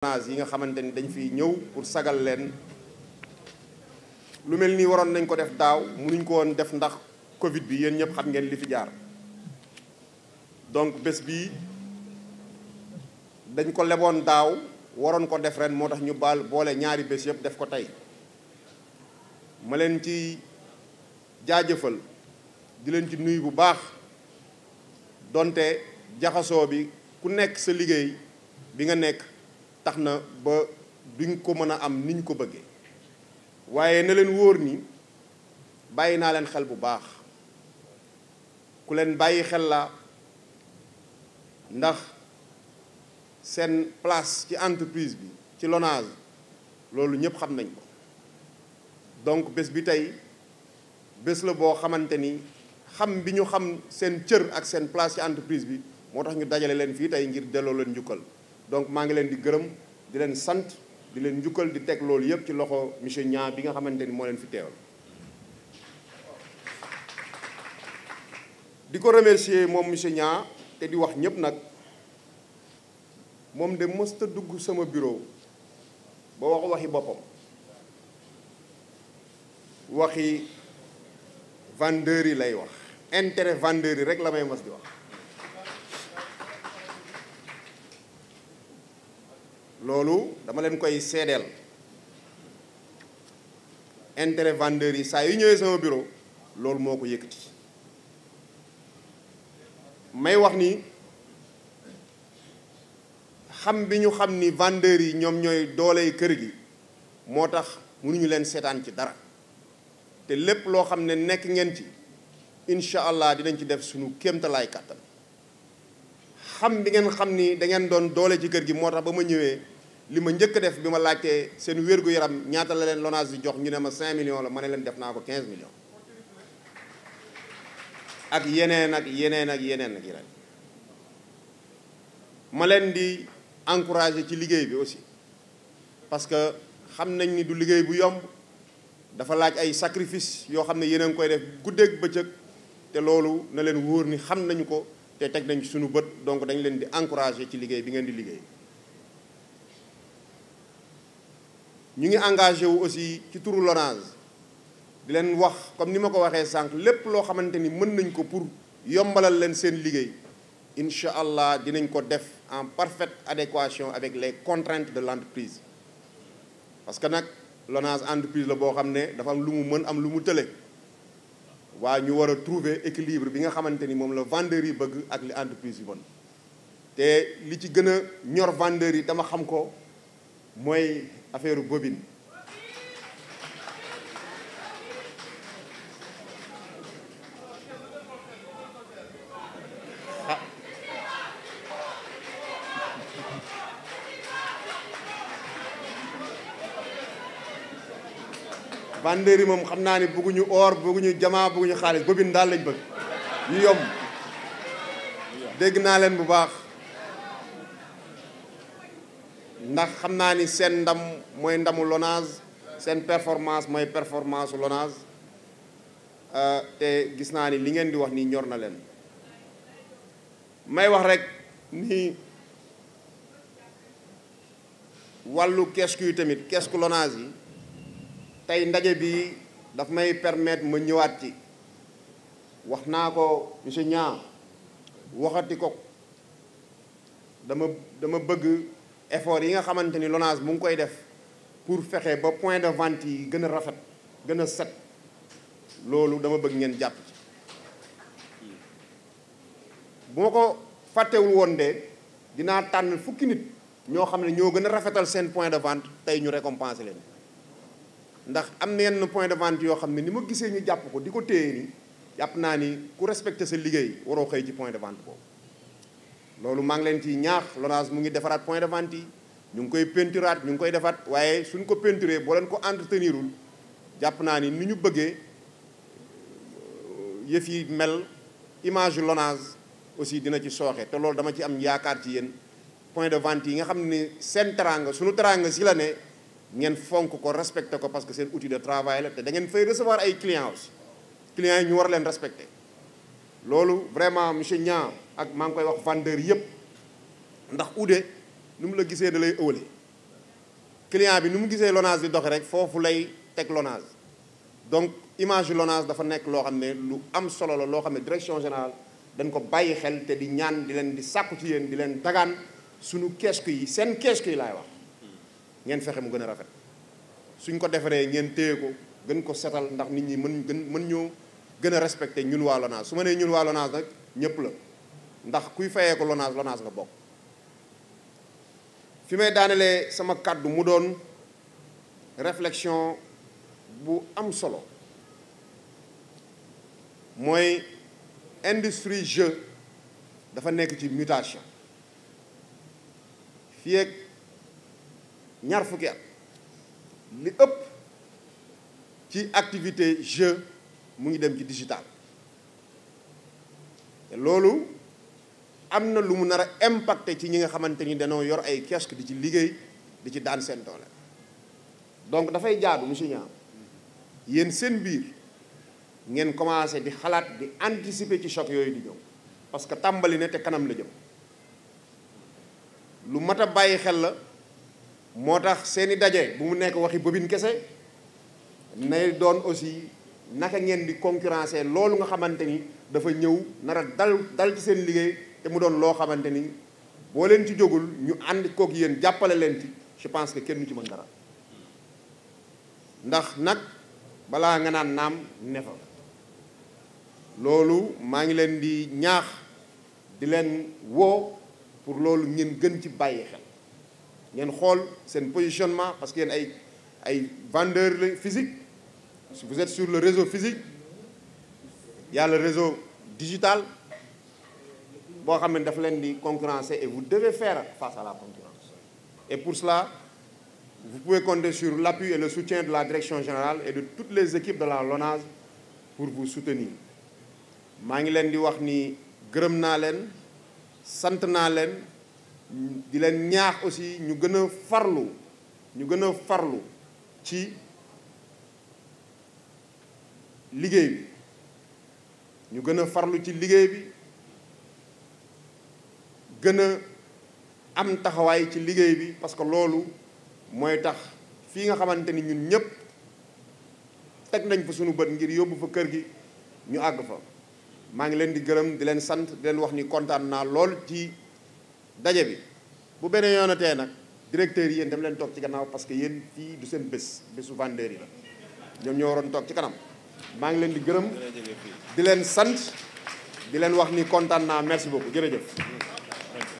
nag yi nga xamante ni dañ fiy ñëw pour sagal leen lu mel nii waroon nañ ko def daaw mënuñ ko def ndax Covid bi yéen ñëpp xam ngeen li fi jaar donc bés bi dañ ko leboon daaw waroon ko def ren moo tax ñu baal boole ñaari bés yëpp def ko tey ma leen ci jaajëfal di leen ci nuyu bu baax donte jaxasoo bi ku nekk sa liggéey bi nga nekk tax na ba duñ ko mën a am niñ ko bëggee waaye na leen wóor ni bàyyi naa leen xel bu baax ku leen bàyyi xel la ndax seen place ci entreprise bi ci Lonase loolu ñëpp xam nañ ko donc bés bi tey bés la boo xamante ni xam bi ñu xam seen cër ak seen place ci entreprise bi moo tax ñu dajale leen fii tey ngir delloo leen njukkal. donc maa ngi leen di gërëm di leen sant di leen njukkal di teg loolu yëpp ci loxo monsieur Niang bi nga xamante ni moo leen fi teewal. di ko remercier moom monsieur Niang te di wax ñëpp nag moom de mësta dugg sama bureau ba wax waxi boppam waxi vendeurs yi lay wax intérêt vendeurs yi rek la may mas di wax. loolu dama leen koy seedeel intérêt vendeurs yi saa yu ñëwee sama bureau loolu moo ko yëkkati may wax ni xam bi ñu xam ni vendeurs yi ñoom ñooy dooley kër gi moo tax mënuñu leen seetaan ci dara te lépp loo xam ne nekk ngeen ci incha allah dinañ ci def suñu kéemtalaay kàttan xam bi ngeen xam ni dangeen doon doole ci kër gi moo tax ba ma ñëwee li ma njëkk def bi ma laajtee seen wér-gu-yaram ñaata la leen LONASE di jox ñu ne ma 5 millions la ma ne leen def naa ko 15 millions ak yeneen ak yeneen ak yeneen ak yeneen ma leen di encourager ci liggéey bi aussi parce que xam nañ ni du liggéey bu yomb dafa laaj ay sacrifice yoo xam ne yéen a ngi koy def guddeeg bëccëg te loolu na leen wóor ni xam nañu ko te teg nañ suñu bët donc dañ leen di encourager ci liggéey bi ngeen di liggéey ñu ngi engagé wu aussi ci turu Lonase di leen wax comme ni ma ko waxee sànq lépp loo xamante ni mën nañ ko pour yombalal leen seen liggéey incha allah dinañ ko def en parfaite adéquation avec les contraintes de l'entreprise parce que nag Lonase entreprise la boo xam ne dafa am lu mu mën am lu mu tële waa ñu war a trouver équilibre bi nga xamante ni moom la vendeurs yi bëgg ak li entreprise yi bon te li ci gën a ñor vendeurs yi dama xam ko mooy affaire bobine vendeurs yi moom xam naa ni bëgguñu or bëgguñu jamaa bëgguñu xaalis bobine daal lañ bëgg yu yomb dégg naa leen bu baax ndax xam naa ni seen ndam mooy ndamu Lonase seen performance mooy performance Lonase euh, te gis naa ni li ngeen di wax ni ñor na leen may wax rek ni wàllu kees yu tamit kees ku yi tey ndaje bi daf may permettre ma ñëwaat ci wax naa ko monsieur Niang waxati ko dama dama bëgg effort yi nga xamante ni LONASE mu ngi koy def pour fexe ba point de vente yi gën a rafet gën a set loolu dama bëgg ngeen jàpp ci bu ma ko fàttewul woon de dinaa tànn fukki nit ñoo xam ne ñoo gën a rafetal seen point de vente tey ñu récompenser leen ndax am na yenn point de vente yoo xam ne ni ma gisee ñu jàpp ko di ko téye ni jàpp naa ni ku respecté sa liggéey waroo xëy ci point de vente boobu loolu maa ngi leen ci ñaax Lonase mu ngi defaraat point de vente yi ñu ngi koy peinturaat ñu ngi koy defaat waaye suñ ko peinturé boo leen ko entretenirul jàpp naa ni ni ñu bëggee euh, yëf yi mel image Lonase aussi dina ci sooxe te loolu dama ci am yaakaar ci yéen point de vente yi nga xam ni seen teraanga suñu teraanga si la ngeen fonk ko respecté ko parce que seen outil de travail la te da ngeen fay recevoir ay clients aussi clients yi ñu war leen respecté loolu vraiment monsieur Niang ak maa ngi koy wax vendeur yëpp ndax ude nu mu la gisee da lay ëwale client bi nu mu gisee Lonase di doxe rek foofu lay teg Lonase donc image Lonase dafa nekk loo xam ne lu am solo la loo xam ne direction générale dañ ko bàyyi xel te di ñaan di leen di sàkku ci yéen di leen dagaan suñu kees yi seen kees yi laay wax ngeen fexe mu gën a rafet suñ ko defaree ngeen téye ko gën ko setal ndax nit ñi mën gën mën ñoo gën a respecté ñun waa LONASE su ma nee ñun waa LONASE nag ñëpp la ndax kuy fayee ko LONASE LONASE nga bokk fi may daanelee sama kàddu mu doon réflexion bu am solo mooy industrie jeu dafa nekk ci mutation fii ak ñaar fukki at li ëpp ci activité jeu mu ngi dem ci digital te loolu am na lu mu nar a impacté ci ñi nga xamante ni danoo yor ay kiosque di ci liggéey di ci daan seen doole donc dafay jaadu monsieur Niang yéen seen biir ngeen commencé di xalaat di anticiper ci choc yooyu di ñëw parce que tàmbali ne te kanam la jëm lu mat a bàyyi xel la moo tax seeni daje bu mu nekk waxi bobine kese nay doon aussi naka ngeen di concurrencer loolu nga xamante ni dafa ñëw nara dal dal ci seen liggéey te mu doon loo xamante ni boo leen ci jógul ñu ànd kook yéen jàppale leen ci je pense que kenn du ci mën dara ndax nag balaa nga naan naam ne fa loolu maa ngi leen di ñaax di leen woo pour loolu ngeen gën ci bàyyi xel ngeen xool seen positionnement parce que yéen ay ay vendeur la physique si vous êtes sur le réseau physique y a le réseau digital boo xam ne dafa leen di concurrencer et vous devez faire face à la concurrence et pour cela vous pouvez compter sur l'appui et le soutien de la direction générale et de toutes les équipes de la LONASE pour vous soutenir maa ngi leen di wax ni gërëm naa leen sant naa leen di leen ñaax aussi ñu gën a farlu ñu gën a farlu ci liggéey bi ñu gën a farlu ci liggéey bi gën a am taxawaay ci liggéey bi parce que loolu mooy tax fii nga xamante ni ñun ñëpp teg nañ fa sunu bët ngir yóbbu fa kër gi ñu àgg fa maa ngi leen di gërëm di leen sant di leen wax ni kontaan naa lool ci daje bi bu beneen yoonatee nag directeurs yi yéen dem leen toog ci gannaaw parce que yéen fii du seen bés bésu vendeur yi la ñoom ñoo waroon toog ci kanam maa ngi leen di gërëm di leen sant di leen wax ni kontaan naa merci beaucoup jërëjëf